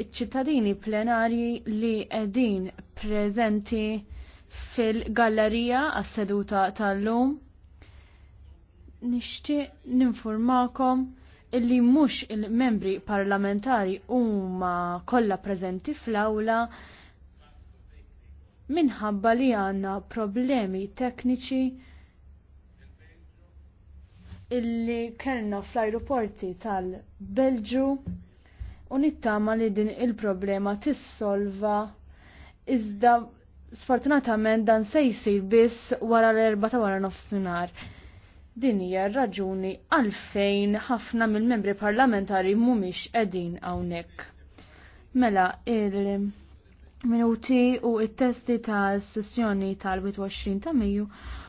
iċ-ċittadini plenarji li edin prezenti fil-gallerija għas-seduta tal-lum. Nixtieq ninformakom illi mhux il-membri parlamentari huma kollha preżenti fl-awla minħabba li għandna problemi tekniċi illi kellna fl ajruporti tal-Belġu u nittama li din il-problema tissolva iżda sfortunatament dan se jsir biss wara l-erba ta' wara nofsinhar. Din hija raġuni għalfejn ħafna mill-membri parlamentari mhumiex qegħdin hawnhekk. Mela il-minuti u it-testi tal-sessjoni tal-21 ta' Mejju